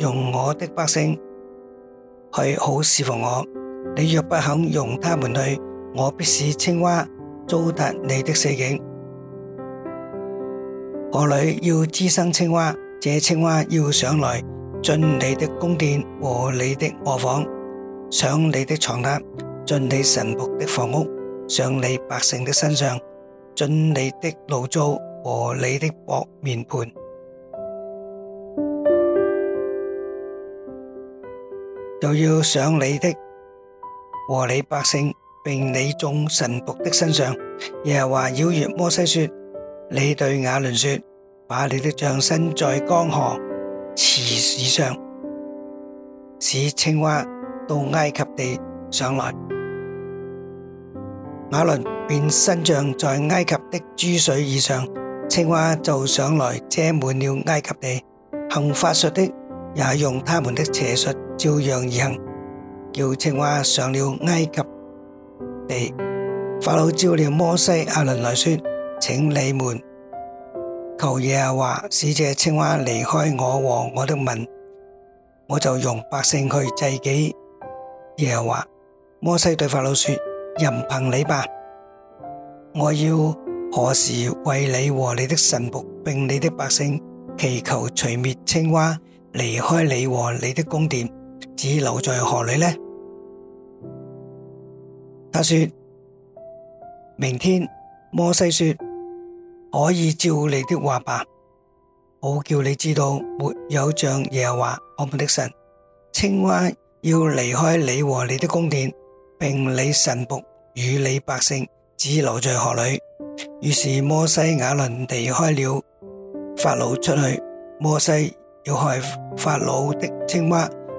用我的百姓去好侍奉我，你若不肯用他們去，我必使青蛙糟蹋你的四境。河裏要滋生青蛙，這青蛙要上來進你的宮殿和你的臥房，上你的床榻，進你臣僕的房屋，上你百姓的身上，進你的爐灶和你的薄麵盆。就要上你的和你百姓並你眾臣僕的身上，耶和華曉諭摩西說：你對亞倫說，把你的杖伸在江河池水上，使青蛙到埃及地上來。亞倫便伸杖在埃及的諸水以上，青蛙就上來遮滿了埃及地。行法術的也用他們的邪術。照樣而行，叫青蛙上了埃及地。法老召了摩西、亞倫來說：請你們求耶和華使這青蛙離開我和我的民，我就容百姓去祭己。耶和華摩西對法老說：任憑你吧，我要何時為你和你的臣僕，並你的百姓祈求除滅青蛙，離開你和你的宮殿？只留在河裏呢？他說：明天。摩西說，可以照你的話吧，我叫你知道沒有像耶和華我們的神。青蛙要離開你和你的宮殿，並你神僕與你百姓，只留在河裏。於是摩西亞倫離開了法老出去。摩西要害法老的青蛙。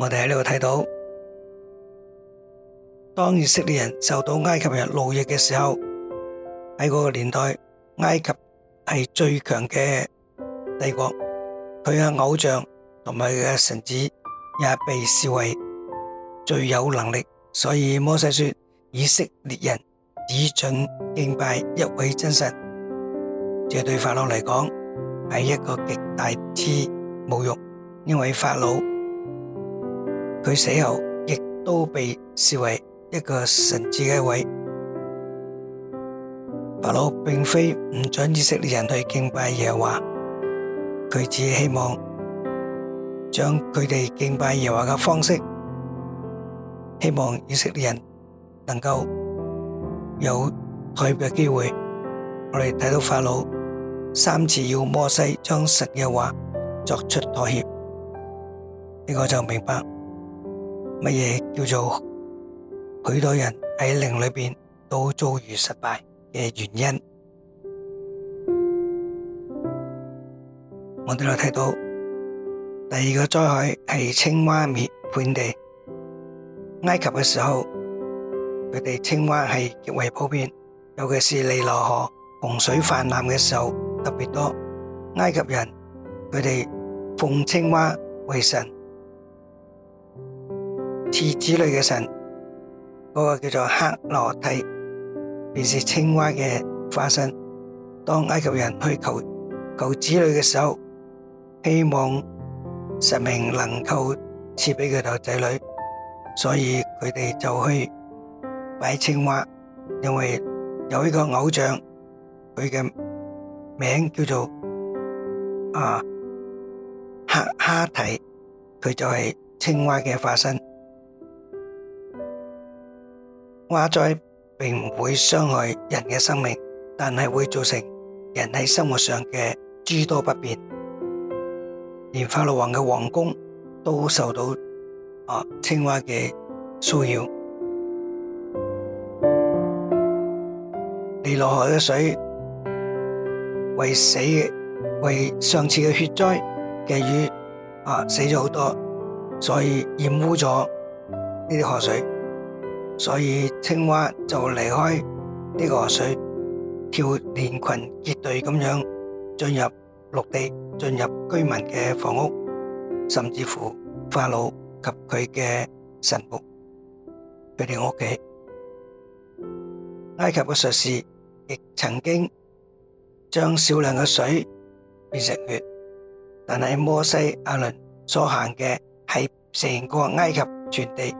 我哋喺呢度睇到，當以色列人受到埃及人奴役嘅時候，喺嗰個年代，埃及係最強嘅帝國，佢嘅偶像同埋佢嘅神子，也被視為最有能力。所以摩西說，以色列人只准敬拜一位真神。這對法老嚟講，係一個極大之侮辱，因為法老。佢死後亦都被視為一個神智嘅位。法老並非唔准以色列人去敬拜耶和華，佢只希望將佢哋敬拜耶和華嘅方式，希望以色列人能夠有妥協嘅機會。我哋睇到法老三次要摩西將神嘅話作出妥協，呢個就明白。乜嘢叫做許多人喺靈裏邊都遭遇失敗嘅原因？我哋來睇到第二個災害係青蛙滅遍地。埃及嘅時候，佢哋青蛙係極為普遍，尤其是尼羅河洪水氾濫嘅時候特別多。埃及人佢哋奉青蛙為神。賜子女嘅神，嗰個叫做黑羅替，便是青蛙嘅化身。當埃及人去求求子女嘅時候，希望神明能夠賜俾佢哋仔女，所以佢哋就去拜青蛙，因為有一個偶像，佢嘅名叫做啊黑哈替，佢就係青蛙嘅化身。蛙災並唔會傷害人嘅生命，但係會造成人喺生活上嘅諸多不便。連法老王嘅皇宮都受到啊青蛙嘅騷擾。尼羅河嘅水為，為上次嘅血災嘅魚死咗好多，所以染污咗呢啲河水。所以青蛙就離開呢個河水，跳連群結隊咁樣進入陸地，進入居民嘅房屋，甚至乎法老及佢嘅臣僕佢哋屋企。埃及嘅術士亦曾經將少量嘅水變成血，但是摩西阿倫所行嘅是成個埃及全地。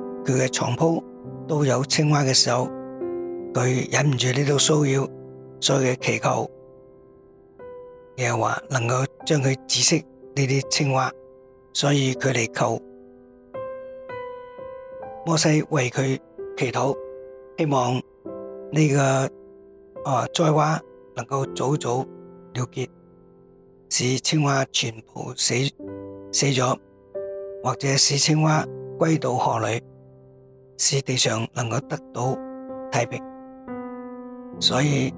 佢嘅床鋪都有青蛙嘅時候，佢忍唔住呢度騷擾，所以祈求耶和華能夠將佢止息呢啲青蛙，所以佢嚟求摩西為佢祈禱，希望呢、這個啊災禍能夠早早了結，使青蛙全部死死咗，或者使青蛙歸到河裏。是地上能夠得到太平，所以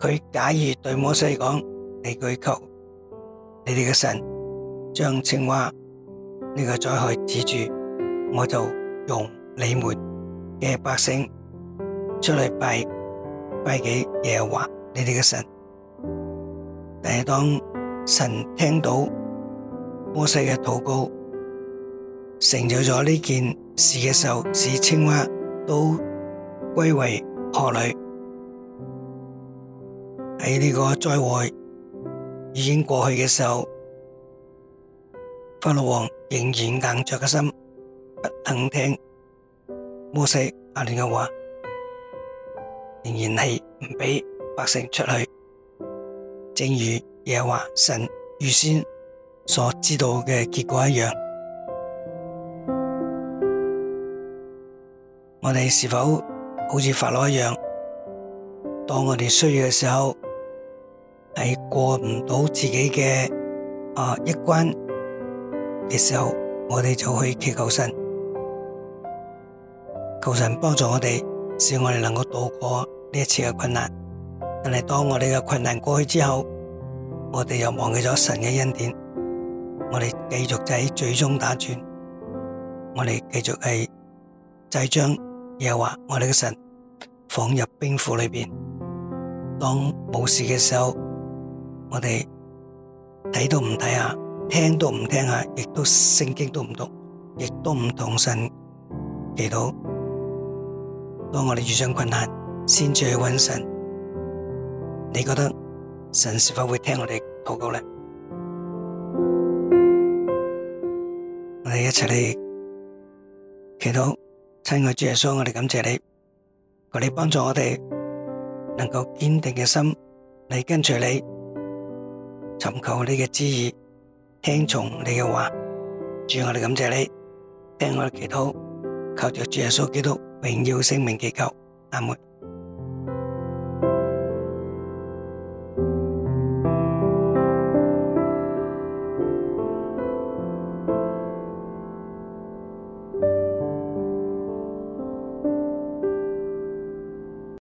佢假如對摩西講：你祈求你哋嘅神將青蛙呢個災害止住，我就用你們嘅百姓出嚟拜拜給耶和華你哋嘅神。但係當神聽到摩西嘅禱告。成就咗呢件事嘅時候，使青蛙都歸為河裏。喺呢個災禍已經過去嘅時候，法老王仍然硬着個心，不肯聽摩西阿蓮嘅話，仍然係唔俾百姓出去。正如耶和華神預先所知道嘅結果一樣。我哋是否好似法老一樣，當我哋需要嘅時候，係過唔到自己嘅啊一關嘅時候，我哋就去祈求神，求神幫助我哋，使我哋能夠度過呢一次嘅困難。但係當我哋嘅困難過去之後，我哋又忘記咗神嘅恩典，我哋繼續喺最終打轉，我哋繼續係制章。又話我哋嘅神放入冰庫裏邊，當冇事嘅時候，我哋睇都唔睇下，聽都唔聽下，亦都聖經都唔讀，亦都唔同神祈禱。當我哋遇上困難，先至去揾神，你覺得神是否會聽我哋禱告咧？我哋一齊嚟祈禱。親愛的主耶穌，我哋感謝你，求你幫助我哋能夠堅定嘅心嚟跟隨你，尋求你嘅旨意，聽從你嘅話。主，我哋感謝你，聽我哋祈禱，求着主耶穌基督榮耀聖名祈求，阿門。